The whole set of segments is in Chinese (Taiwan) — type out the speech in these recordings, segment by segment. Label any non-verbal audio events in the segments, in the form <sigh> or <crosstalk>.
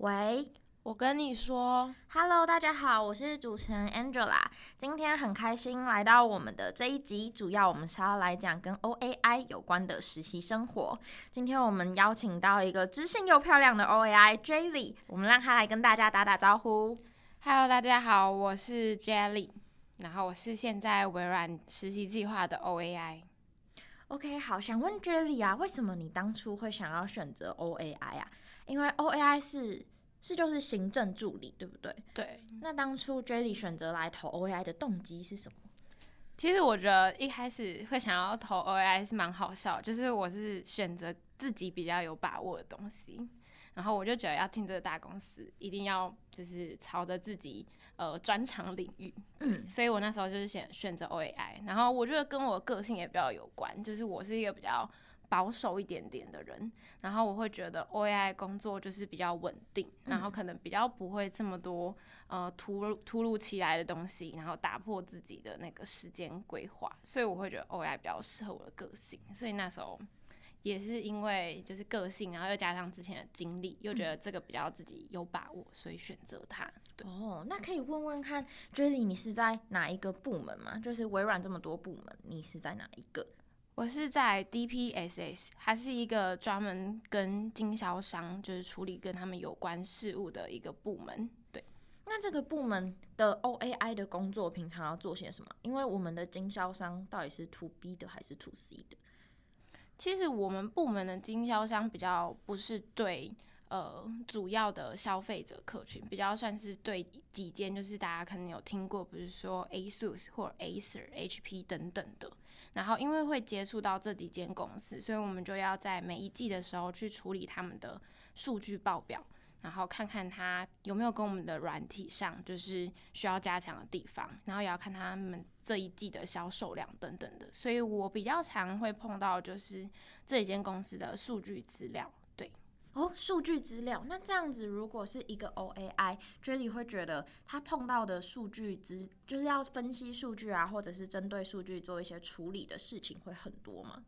喂，我跟你說，Hello，大家好，我是主持人 Angela，今天很開心來到我們的這一集，主要我們是要來講跟 OAI 有關的實習生活。今天我們邀請到一個知性又漂亮的 OAI Jelie，我們讓她來跟大家打打招呼。Hello，大家好，我是 Jelie，然後我是現在微軟實習計劃的 OAI。OK，好，想問 Jelie 啊，為什麼你當初會想要選擇 OAI 啊？因為 OAI 是是，就是行政助理，對不對？對。那當初 Jelie 選擇來投 OAI 的動機是什麼？其實我覺得一開始會想要投 OAI 是蠻好笑的，就是我是選擇自己比較有把握的東西，然後我就覺得要進這個大公司，一定要就是朝着自己呃專長領域。嗯。所以我那時候就是選選擇 OAI，然後我覺得跟我個性也比較有關，就是我是一個比較保守一點點的人，然後我會覺得 O A I 工作就是比較穩定，嗯、然後可能比較不會這麼多呃突入、突如其來的東西，然後打破自己的那個時間規劃，所以我會覺得 O A I 比較適合我的個性，所以那時候也是因為就是個性，然後又加上之前的經歷，嗯、又覺得這個比較自己有把握，所以選擇它。對。哦，那可以問問看個 Jelie 你是在哪一個部門嗎？就是微軟這麼多部門，你是在哪一個？我是在 DPSS，它是一個專門跟經銷商，就是處理跟他們有關事務的一個部門。對，那這個部門的 OAI 的工作，平常要做些什麼？因為我們的經銷商到底是 To B 的還是 To C 的？其實我們部門的經銷商比較不是對呃主要的消費者客群，比較算是對幾間，就是大家可能有聽過，比如說 ASUS 或 Acer、HP 等等的。然後，因為會接觸到這幾間公司，所以我們就要在每一季的時候去處理他們的數據報表，然後看看他有沒有跟我們的軟體上就是需要加強的地方，然後也要看他們這一季的銷售量等等的。所以我比較常會碰到就是這一間公司的數據資料。哦，數據資料，那這樣子，如果是一個 OAI，Jelie 會覺得他碰到的數據資，就是要分析數據啊，或者是針對數據做一些處理的事情會很多嗎？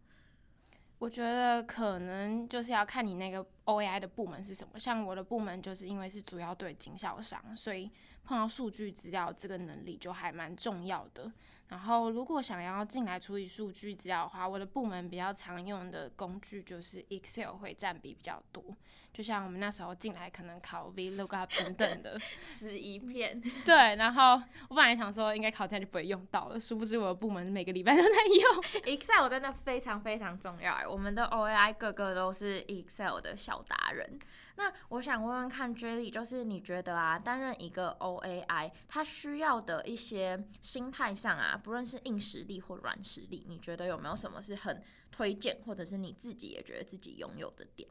我覺得可能就是要看你那個。OAI 的部門是什麼？像我的部門就是因為是主要對經銷商，所以碰到數據資料這個能力就還蠻重要的。然後如果想要進來處理數據資料的話，我的部門比較常用的工具就是 Excel，會佔比比較多。就像我們那時候進來可能考 VLOOKUP 等等的死 <laughs> 一片。對，然後我本來想說應該考這樣就不會用到了，殊不知我的部門每個禮拜都在用 Excel，真的非常非常重要，欸。我們的 OAI 個個都是 Excel 的小表達人，那我想問問看，Jelie，就是你覺得啊，擔任一個 OAI，他需要的一些心態上啊，不論是硬實力或軟實力，你覺得有沒有什麼是很推薦，或者是你自己也覺得自己擁有的點？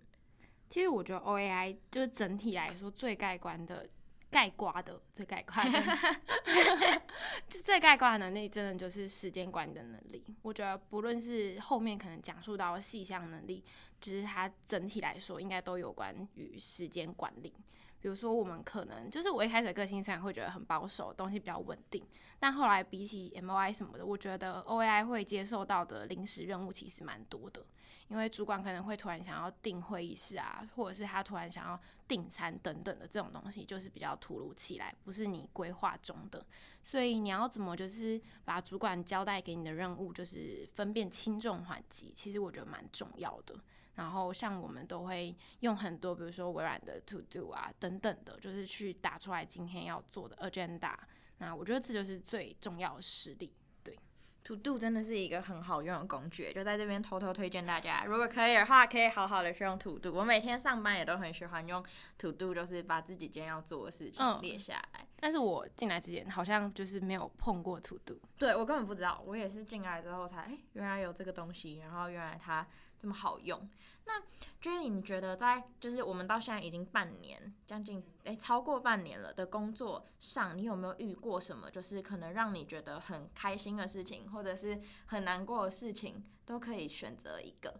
其實我覺得 OAI 就是整體來說最概觀的。概括的這概括，的， <laughs> <laughs> 這概括的能力，真的就是時間管理的能力。我覺得不論是後面可能講述到細項能力，只是它整體來說應該都有關於時間管理。比如說，我們可能就是我一開始個性雖然會覺得很保守，東西比較穩定，但後來比起 M O I 什麼的，我覺得 O A I 會接受到的臨時任務其實蠻多的。因為主管可能會突然想要訂會議室啊，或者是他突然想要訂餐等等的這種東西，就是比較突如其來，不是你規劃中的。所以你要怎麼就是把主管交代給你的任務，就是分辨輕重緩急，其實我覺得蠻重要的。然後像我們都會用很多，比如說微軟的 To Do 啊等等的，就是去打出來今天要做的 Agenda。那我覺得這就是最重要的實力。對，To Do 真的是一個很好用的工具，就在這邊偷偷推薦大家，如果可以的話，可以好好的去用 To Do。我每天上班也都很喜歡用 To Do，就是把自己今天要做的事情列下來。Uh. 但是我進來之前好像就是沒有碰過 to do。對我根本不知道，我也是進來之後才，誒、欸，原來有這個東西，然後原來它這麼好用。那 Jelie 你覺得在就是我們到現在已經半年將近，誒、欸，超過半年了的工作上，你有沒有遇過什麼就是可能讓你覺得很開心的事情，或者是很難過的事情，都可以選擇一個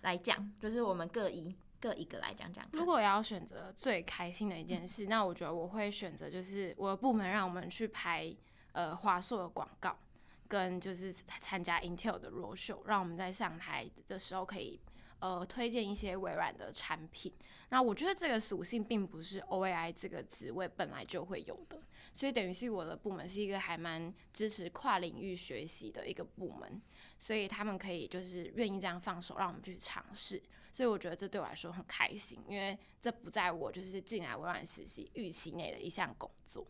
來講，就是我們各一。各一個來講講。如果要選擇最開心的一件事，嗯、那我覺得我會選擇就是我的部門讓我們去拍呃華碩的廣告，跟就是參加 Intel 的 road show，讓我們在上台的時候可以。呃，推薦一些微軟的產品。那我覺得這個屬性並不是 OAI 這個職位本來就會有的，所以等於是我的部門是一個還蠻支持跨領域學習的一個部門，所以他們可以就是願意這樣放手，讓我們去嘗試。所以我覺得這對我來說很開心，因為這不在我就是進來微軟實習預期內的一項工作。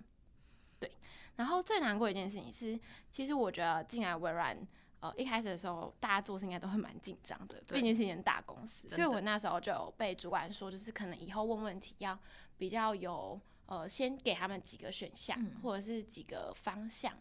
對，然後最難過一件事情是，其實我覺得進來微軟。呃，一開始的時候，大家做事應該都會蠻緊張的，對畢竟是一間大公司。的所以我那時候就被主管說，就是可能以後問問題要比較有，呃，先給他們幾個選項，嗯、或者是幾個方向，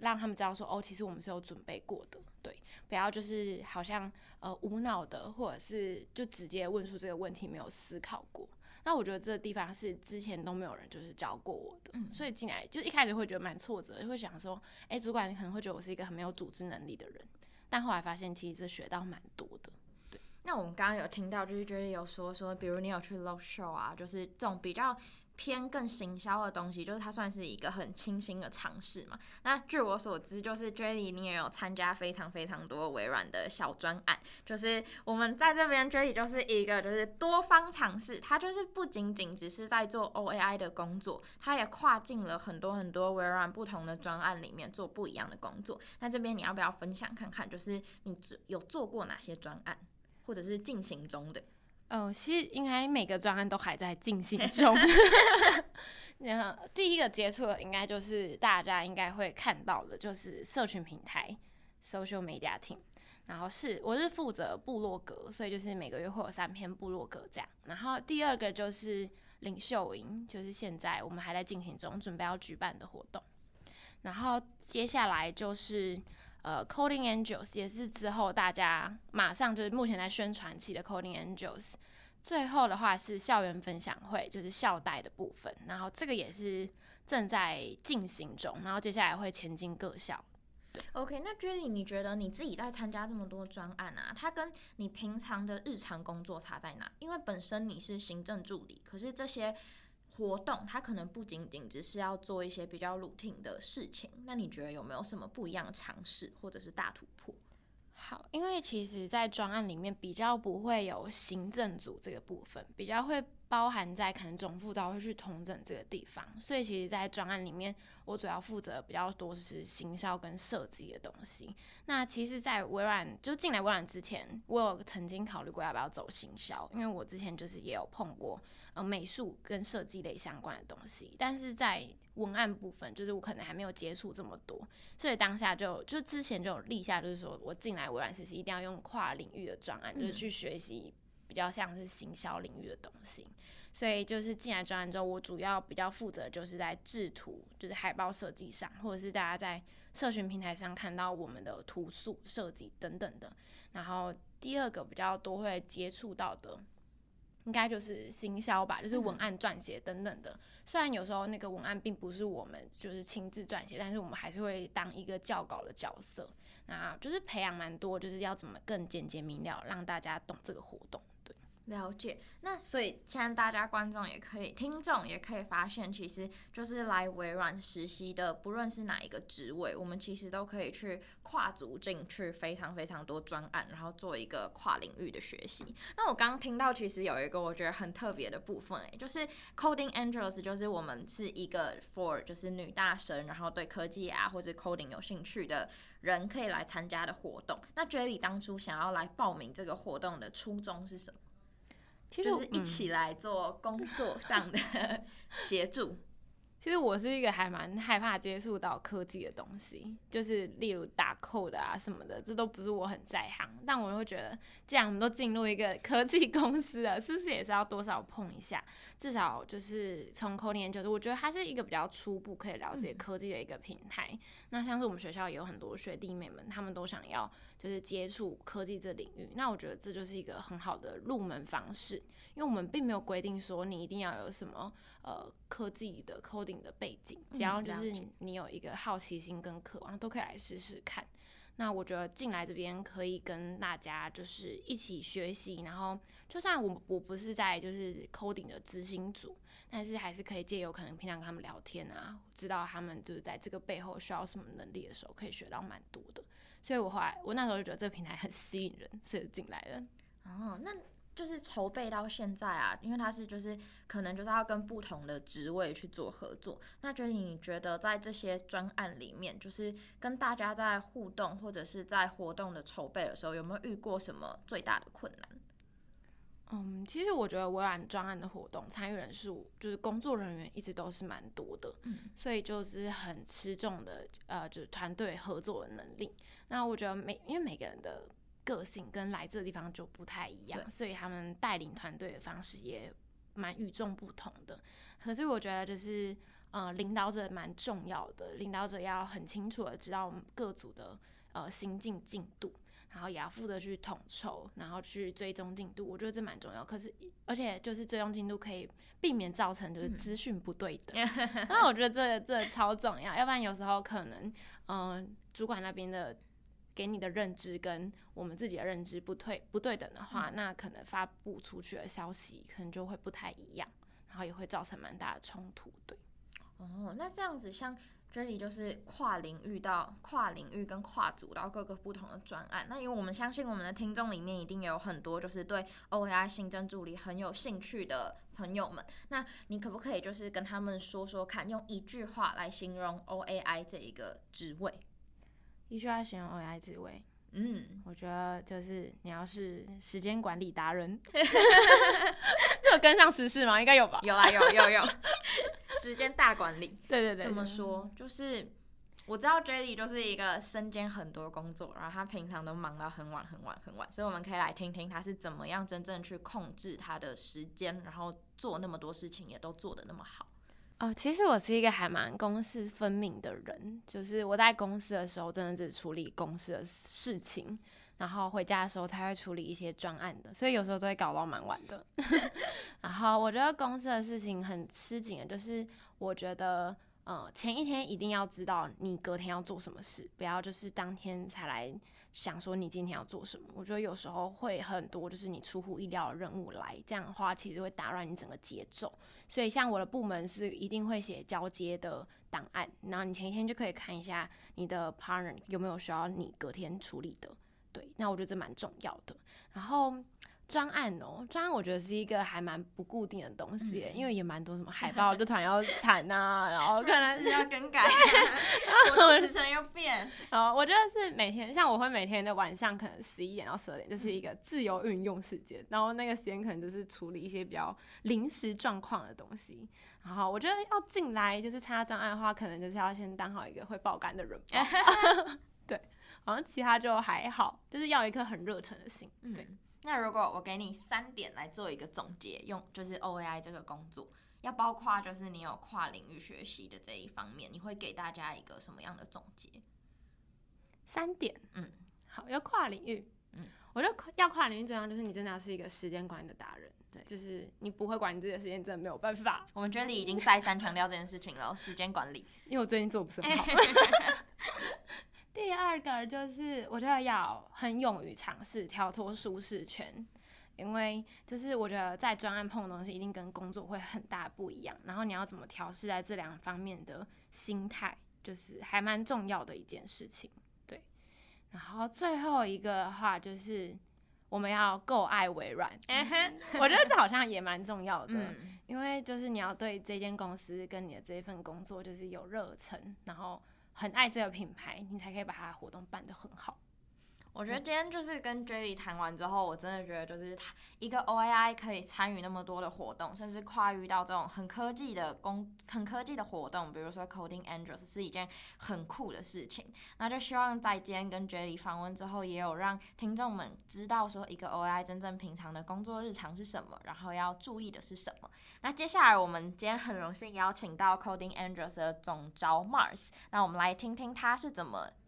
讓他們知道說，哦，其實我們是有準備過的，對，不要就是好像呃無腦的，或者是就直接問出這個問題沒有思考過。那我覺得這個地方是之前都沒有人就是教過我的，嗯、所以進來就一開始會覺得蠻挫折，就會想說，哎、欸，主管你可能會覺得我是一個很沒有組織能力的人。但後來發現，其實學到蠻多的。對，那我們剛剛有聽到，就是覺得有說說，比如你有去露 show 啊，就是這種比較。偏更行銷的東西，就是它算是一個很清新的嘗試嘛。那據我所知，就是 Jelie 你也有參加非常非常多微軟的小專案。就是我們在這邊 Jelie 就是一個就是多方嘗試，它就是不僅僅只是在做 OAI 的工作，它也跨進了很多很多微軟不同的專案裡面做不一樣的工作。那這邊你要不要分享看看，就是你有做過哪些專案，或者是進行中的？嗯、哦，其實應該每個專案都還在進行中。 <laughs> <laughs> 然後第一個接觸的應該就是大家應該會看到的，就是社群平台 Social Media Team。然後是我是負責部落格，所以就是每個月會有三篇部落格這樣。然後第二個就是領袖營，就是現在我們還在進行中，準備要舉辦的活動。然後接下來就是。呃，Coding Angels 也是之後大家馬上就是目前在宣傳期的 Coding Angels，最後的話是校園分享會，就是校代的部分，然後這個也是正在進行中，然後接下來會前進各校。OK，那 Jelie 你覺得你自己在參加這麼多專案啊，它跟你平常的日常工作差在哪？因為本身你是行政助理，可是這些。活動，它可能不僅僅只是要做一些比較 routine 的事情，那你覺得有沒有什麼不一樣的嘗試或者是大突破？好，因為其實，在專案裡面比較不會有行政組這個部分，比較會。包含在可能總負責會去統整這個地方，所以其實，在專案裡面，我主要負責的比較多是行銷跟設計的東西。那其實，在微軟就進來微軟之前，我有曾經考慮過要不要走行銷，因為我之前就是也有碰過呃美術跟設計類相關的東西，但是在文案部分，就是我可能還沒有接觸這麼多，所以當下就就之前就有立下就是說我進來微軟實習一定要用跨領域的專案，嗯、就是去學習。比較像是行銷領域的東西，所以就是進來專案之後，我主要比較負責就是在製圖，就是海報設計上，或者是大家在社群平台上看到我們的圖素設計等等的。然後第二個比較多會接觸到的，應該就是行銷吧，就是文案撰寫等等的。嗯、雖然有時候那個文案並不是我們就是親自撰寫，但是我們還是會當一個校稿的角色，那就是培養蠻多，就是要怎麼更簡潔明了，讓大家懂這個活動。了解，那所以現在大家觀眾也可以、聽眾也可以發現，其實就是來微軟實習的，不論是哪一個職位，我們其實都可以去跨足進去非常非常多專案，然後做一個跨領域的學習。那我剛剛聽到，其實有一個我覺得很特別的部分、欸，就是 Coding Angels，就是我們是一個 for 就是女大神，然後對科技啊或者 coding 有興趣的人可以來參加的活動。那 Jelie 當初想要來報名這個活動的初衷是什麼？其實就是一起來做工作上的協助、嗯。其實我是一個還蠻害怕接觸到科技的東西，就是例如打 code 啊，什麼的，這都不是我很在行。但我又覺得，既然我們都進入一個科技公司了，是不是也是要多少碰一下？至少就是從 coding，就是我覺得它是一個比較初步可以了解科技的一個平台。嗯、那像是我們學校也有很多學弟妹們，他們都想要。就是接觸科技這領域，那我覺得這就是一個很好的入門方式，因為我們並沒有規定說你一定要有什麼呃科技的 coding 的背景，只要就是你有一個好奇心跟渴望，都可以來試試看。那我覺得進來這邊可以跟大家就是一起學習，然後就算我我不是在就是 coding 的執行組，但是還是可以借由可能平常跟他們聊天啊，知道他們就是在這個背後需要什麼能力的時候，可以學到蠻多的。所以，我後來我那時候就覺得這個平台很吸引人，所以進來了。哦，那就是籌備到現在啊，因為它是就是可能就是要跟不同的職位去做合作。那覺得你覺得在這些專案裡面，就是跟大家在互動或者是在活動的籌備的時候，有沒有遇過什麼最大的困難？嗯，其實我覺得微軟專案的活動參與人數，就是工作人員一直都是蠻多的，嗯、所以就是很吃重的，呃，就是團隊合作的能力。那我覺得每因為每個人的個性跟來自的地方就不太一樣，對所以他們帶領團隊的方式也蠻與眾不同的。可是我覺得就是呃，領導者蠻重要的，領導者要很清楚的知道各組的呃行進進度。然後也要負責去統籌，對然後去追蹤進度，我覺得這蠻重要。可是，而且就是追蹤進度可以避免造成就是資訊不對等，那、嗯、 <laughs> 我覺得這這超重要。要不然有時候可能，嗯、呃，主管那邊的給你的認知跟我們自己的認知不對不對等的話，嗯、那可能發布出去的消息可能就會不太一樣，然後也會造成蠻大的衝突。對，哦，那這樣子像。這裡就是跨領域到跨領域跟跨組到各個不同的專案。那因為我們相信我們的聽眾裡面一定也有很多就是對 OAI 行政助理很有興趣的朋友們。那你可不可以就是跟他們說說看，用一句話來形容 OAI 這一個職位？一句話形容 OAI 職位，嗯，我覺得就是你要是時間管理達人。 <laughs> 跟上時事嗎？應該有吧。有啊，有有有，有 <laughs> 時間大管理。 <laughs> 對對對。怎麼說？嗯、就是我知道 Jelie 就是一個身兼很多工作，然後她平常都忙到很晚很晚很晚，所以我們可以來聽聽她是怎麼樣真正去控制她的時間，然後做那麼多事情也都做得那麼好。哦，其實我是一個還蠻公私分明的人，就是我在公司的時候，真的只處理公司的事情。然後回家的時候才會處理一些專案的，所以有時候都會搞到蠻晚的。 <laughs> <laughs> 然後我覺得公司的事情很吃緊的，就是我覺得，呃，前一天一定要知道你隔天要做什麼事，不要就是當天才來想說你今天要做什麼。我覺得有時候會很多，就是你出乎意料的任務來，這樣的話其實會打亂你整個節奏。所以像我的部門是一定會寫交接的檔案，然後你前一天就可以看一下你的 partner 有沒有需要你隔天處理的。對，那我覺得這蠻重要的。然後專案哦、喔，專案我覺得是一個還蠻不固定的東西，嗯、因為也蠻多什麼海報 <laughs> 就突然要慘吶、啊，然後可能是要更改、啊，然後時程又變。然後我覺得是每天，像我會每天的晚上可能十一點到十二點，就是一個自由運用時間。嗯、然後那個時間可能就是處理一些比較臨時狀況的東西。然後我覺得要進來就是參加專案的話，可能就是要先當好一個會爆肝的人。 <laughs> <laughs> 對。好像其他就還好，就是要一顆很熱誠的心。嗯、對，那如果我給你三點來做一個總結，用就是 OAI 這個工作，要包括就是你有跨領域學習的這一方面，你會給大家一個什麼樣的總結？三點，嗯，好，要跨領域，嗯，我覺得要跨領域，最重要就是你真的要是一個時間管理的達人，對，就是你不會管你自己的時間，真的沒有辦法。我們經理已經再三強調這件事情了， <laughs> 時間管理，因為我最近做的不是很好。欸 <laughs> 第二個就是，我覺得要很勇於嘗試，跳脫舒適圈，因為就是我覺得在專案碰的東西，一定跟工作會很大不一樣。然後你要怎麼調適在這兩方面的心態，就是還蠻重要的一件事情。對。然後最後一個的話就是，我們要夠愛微軟。 <laughs> 我覺得這好像也蠻重要的，嗯、因為就是你要對這間公司跟你的這份工作就是有熱忱，然後。很愛這個品牌，你才可以把它活動辦得很好。我覺得今天就是跟 Jelie 談完之後，嗯、我真的覺得就是他一個 OAI 可以參與那麼多的活動，甚至跨越到這種很科技的工、很科技的活動，比如說 Coding Android 是一件很酷的事情。那就希望在今天跟 Jelie 訪問之後，也有讓聽眾們知道說一個 OAI 真正平常的工作日常是什麼，然後要注意的是什麼。那接下來我們今天很榮幸邀請到 Coding Android 的總召 Mars，那我們來聽聽他是怎麼。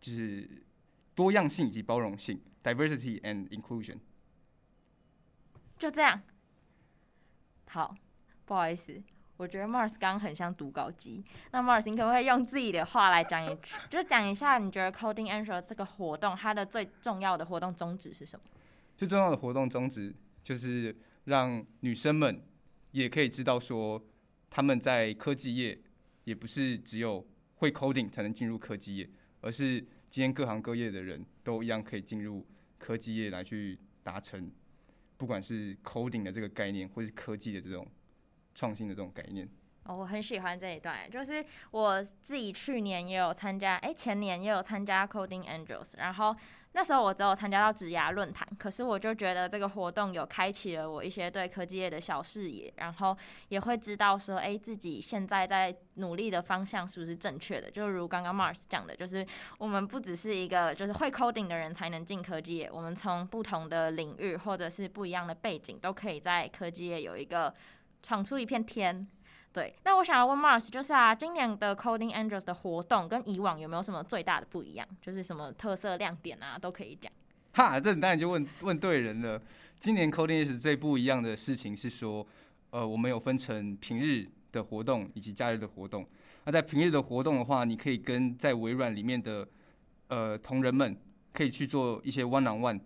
就是多樣性以及包容性 （diversity and inclusion）。就這樣。好，不好意思，我覺得 Mars 剛剛很像讀稿機。那 Mars 你可不可以用自己的話來講一句？ <laughs> 就講一下，你覺得 Coding Angel 這個活動它的最重要的活動宗旨是什麼？最重要的活動宗旨就是讓女生們也可以知道說，她們在科技業也不是只有會 coding 才能進入科技業。而是今天各行各業的人都一樣可以進入科技業來去達成，不管是 coding 的這個概念，或是科技的這種創新的這種概念。哦，我、oh, 很喜歡這一段，就是我自己去年也有參加，誒、欸，前年也有參加 Coding Angels，然後那時候我只有參加到職涯論壇，可是我就覺得這個活動有開啟了我一些對科技業的小視野，然後也會知道說，誒、欸，自己現在在努力的方向是不是正確的？就如剛剛 Mars 講的，就是我們不只是一個就是會 coding 的人才能進科技業，我們從不同的領域或者是不一樣的背景都可以在科技業有一個闖出一片天。對，那我想要問 Mars，就是啊，今年的 Coding Angels 的活動跟以往有沒有什麼最大的不一樣？就是什麼特色亮點啊，都可以講。哈，這當然就問問對人了。今年 Coding Angels 最不一樣的事情是說，呃，我們有分成平日的活動以及假日的活動。那、啊、在平日的活動的話，你可以跟在微軟裡面的呃同仁們，可以去做一些 one-on-one on one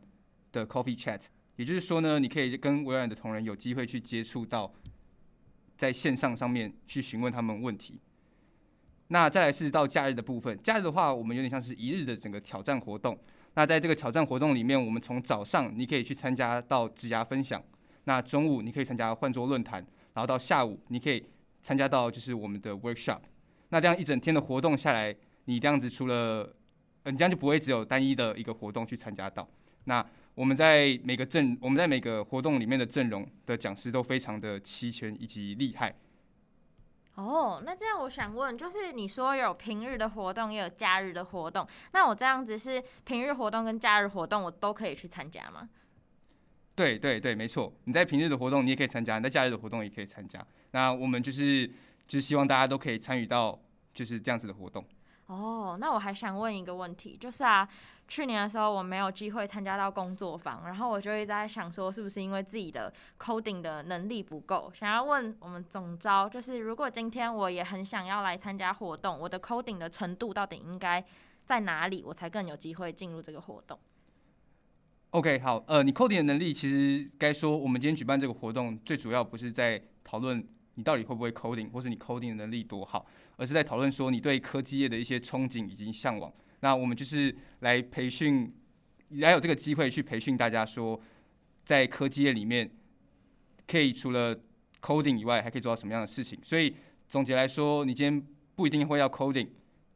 的 coffee chat。也就是說呢，你可以跟微軟的同仁有機會去接觸到。在線上上面去詢問他們問題，那再來是到假日的部分。假日的話，我們有點像是一日的整個挑戰活動。那在這個挑戰活動裡面，我們從早上你可以去參加到職涯分享，那中午你可以參加換桌論壇，然後到下午你可以參加到就是我們的 workshop。那這樣一整天的活動下來，你這樣子除了，呃，你這樣就不會只有單一的一個活動去參加到。那我們在每個陣，我們在每個活動裡面的陣容的講師都非常的齊全以及厲害。哦，那這樣我想問，就是你說有平日的活動，也有假日的活動，那我這樣子是平日活動跟假日活動我都可以去參加嗎？對對對，沒錯，你在平日的活動你也可以參加，你在假日的活動也可以參加。那我們就是就是希望大家都可以參與到就是這樣子的活動。哦，那我還想問一個問題，就是啊。去年的時候我沒有機會參加到工作坊，然後我就一直在想說，是不是因為自己的 coding 的能力不夠，想要問我們總召，就是如果今天我也很想要來參加活動，我的 coding 的程度到底應該在哪裡，我才更有機會進入這個活動？OK，好，呃，你 coding 的能力其實該說，我們今天舉辦這個活動最主要不是在討論你到底會不會 coding 或是你 coding 的能力多好，而是在討論說你對科技業的一些憧憬以及向往。那我們就是來培訓，還有這個機會去培訓大家，說在科技業裡面可以除了 coding 以外，還可以做到什麼樣的事情？所以總結來說，你今天不一定會要 coding，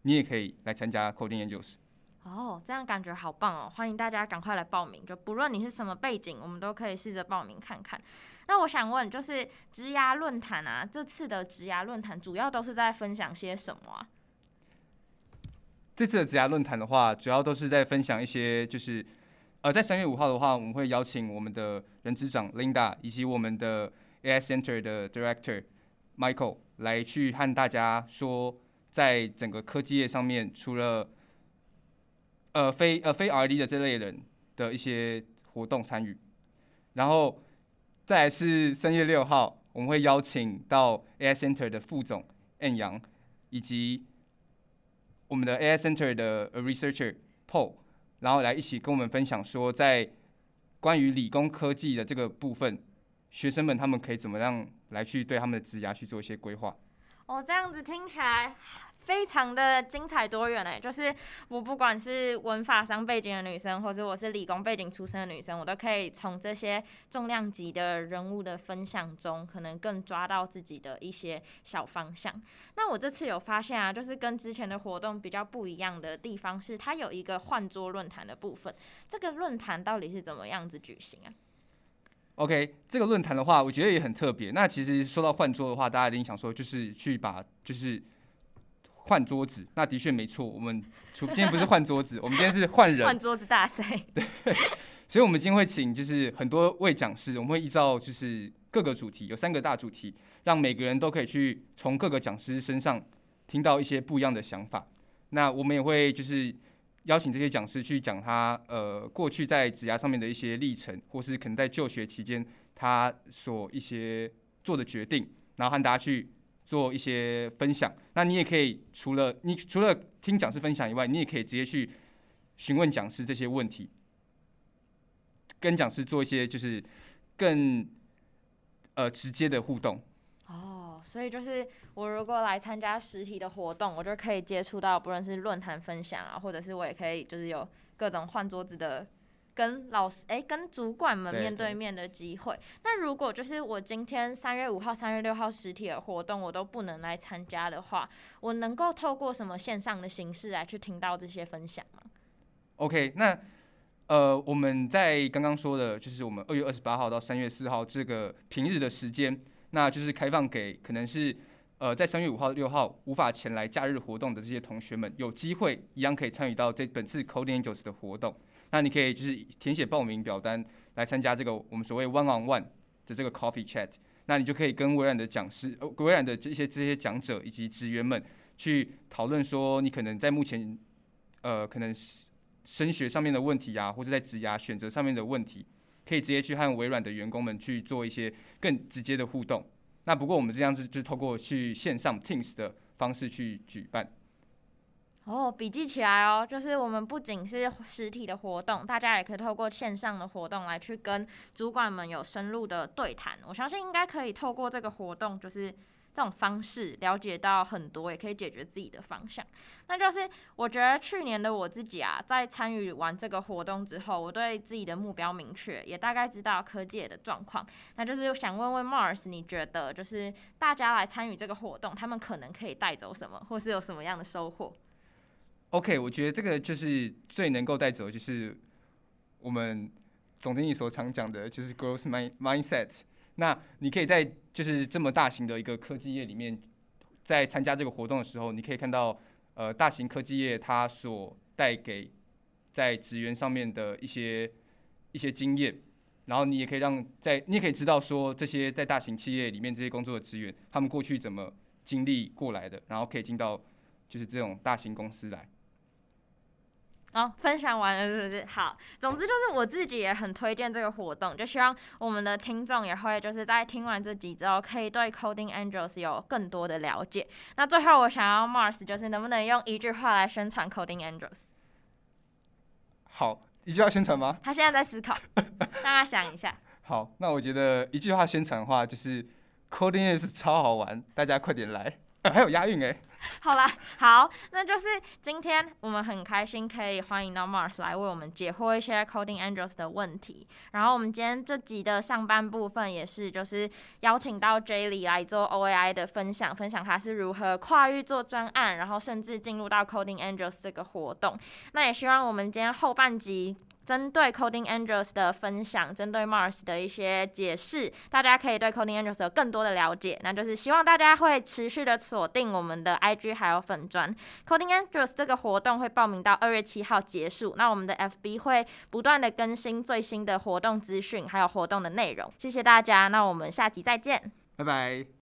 你也可以來參加 coding 研究室。哦，這樣感覺好棒哦！歡迎大家趕快來報名，就不論你是什麼背景，我們都可以試着報名看看。那我想問，就是職涯論壇啊，這次的職涯論壇主要都是在分享些什麼啊？這次的職涯論壇的話，主要都是在分享一些，就是，呃，在三月五號的話，我們會邀請我們的人資長 Linda 以及我們的 AI Center 的 Director Michael 來去和大家說，在整個科技業上面，除了，呃，非呃非 RD 的這類的人的一些活動參與，然後，再來是三月六號，我們會邀請到 AI Center 的副總晏陽以及。我們的 AI Center 的 researcher Paul，然後來一起跟我們分享說，在關於理工科技的這個部分，學生們他們可以怎麼樣來去對他們的職涯去做一些規劃。哦，這樣子聽起來。非常的精彩多元哎、欸，就是我不管是文法商背景的女生，或者我是理工背景出身的女生，我都可以從這些重量級的人物的分享中，可能更抓到自己的一些小方向。那我這次有發現啊，就是跟之前的活動比較不一樣的地方是，它有一個換桌論壇的部分。這個論壇到底是怎麼樣子舉行啊？OK，這個論壇的話，我覺得也很特別。那其實說到換桌的話，大家一定想說，就是去把就是。換桌子，那的確沒錯。我們今天不是換桌子， <laughs> 我們今天是換人。換桌子大賽。 <laughs> 對。所以，我們今天會請就是很多位講師，我們會依照就是各個主題，有三個大主題，讓每個人都可以去從各個講師身上聽到一些不一樣的想法。那我們也會就是邀請這些講師去講他呃過去在職涯上面的一些歷程，或是可能在就學期間他所一些做的決定，然後和大家去，做一些分享，那你也可以除了你除了聽講師分享以外，你也可以直接去詢問講師這些問題，跟講師做一些就是更呃直接的互動。哦，所以就是我如果來參加實體的活動，我就可以接觸到不論是論壇分享啊，或者是我也可以就是有各種換桌子的。跟老師哎、欸，跟主管們面對面的機會。對對對。那如果就是我今天三月五號、三月六號實體的活動，我都不能來參加的話，我能夠透過什麼線上的形式來去聽到這些分享嗎？OK，那呃，我們在剛剛說的，就是我們二月二十八號到三月四號這個平日的時間，那就是開放給可能是呃在三月五號、六號無法前來假日活動的這些同學們，有機會一樣可以參與到這本次 Coding Angels 的活動。那你可以就是填寫報名表單來參加這個我們所謂 One on One 的這個 Coffee Chat，那你就可以跟微軟的講師、微軟的這些這些講者以及職員們去討論說你可能在目前呃可能升學上面的問題啊，或者在職涯選擇上面的問題，可以直接去和微軟的員工們去做一些更直接的互動。那不過我們這樣子就，就透過去線上 Teams 的方式去舉辦。哦，筆記起來哦，就是我們不僅是實體的活動，大家也可以透過線上的活動來去跟主管們有深入的對談。我相信應該可以透過這個活動，就是這種方式了解到很多，也可以解決自己的方向。那就是我覺得去年的我自己啊，在參與完這個活動之後，我對自己的目標明確，也大概知道科技的狀況。那就是想問問 Mars，你覺得就是大家來參與這個活動，他們可能可以帶走什麼，或是有什麼樣的收穫？OK，我覺得這個就是最能夠帶走，就是我們總經理所常講的，就是 growth mind mindset。那你可以在就是這麼大型的一個科技業裡面，在參加這個活動的時候，你可以看到，呃，大型科技業它所帶給在職員上面的一些一些經驗，然後你也可以讓在你也可以知道說，這些在大型企業裡面這些工作的職員，他們過去怎麼經歷過來的，然後可以進到就是這種大型公司來。哦，分享完了是不是？好，總之就是我自己也很推薦這個活動，就希望我們的聽眾也會就是在聽完這集之後，可以對 Coding Angels 有更多的了解。那最後我想要 Mars 就是能不能用一句話來宣傳 Coding Angels？好，一句話宣傳嗎？他現在在思考， <laughs> 大家想一下。好，那我覺得一句話宣傳的話就是 Coding is 超好玩，大家快點來。還有押韻誒、欸。好啦，好，那就是今天我們很開心可以歡迎到 Mars 來為我們解惑一些 Coding Angels 的問題。然後我們今天這集的上半部分也是，就是邀請到 Jelie 來做 OAI 的分享，分享他是如何跨域做專案，然後甚至進入到 Coding Angels 這個活動。那也希望我們今天後半集。針對 Coding Angels d 的分享，針對 Mars 的一些解釋，大家可以對 Coding Angels d 有更多的了解。那就是希望大家會持續的鎖定我們的 IG，還有粉專 Coding Angels d 這個活動會報名到二月七號結束。那我們的 FB 會不斷的更新最新的活動資訊，還有活動的內容。謝謝大家，那我們下集再見，拜拜。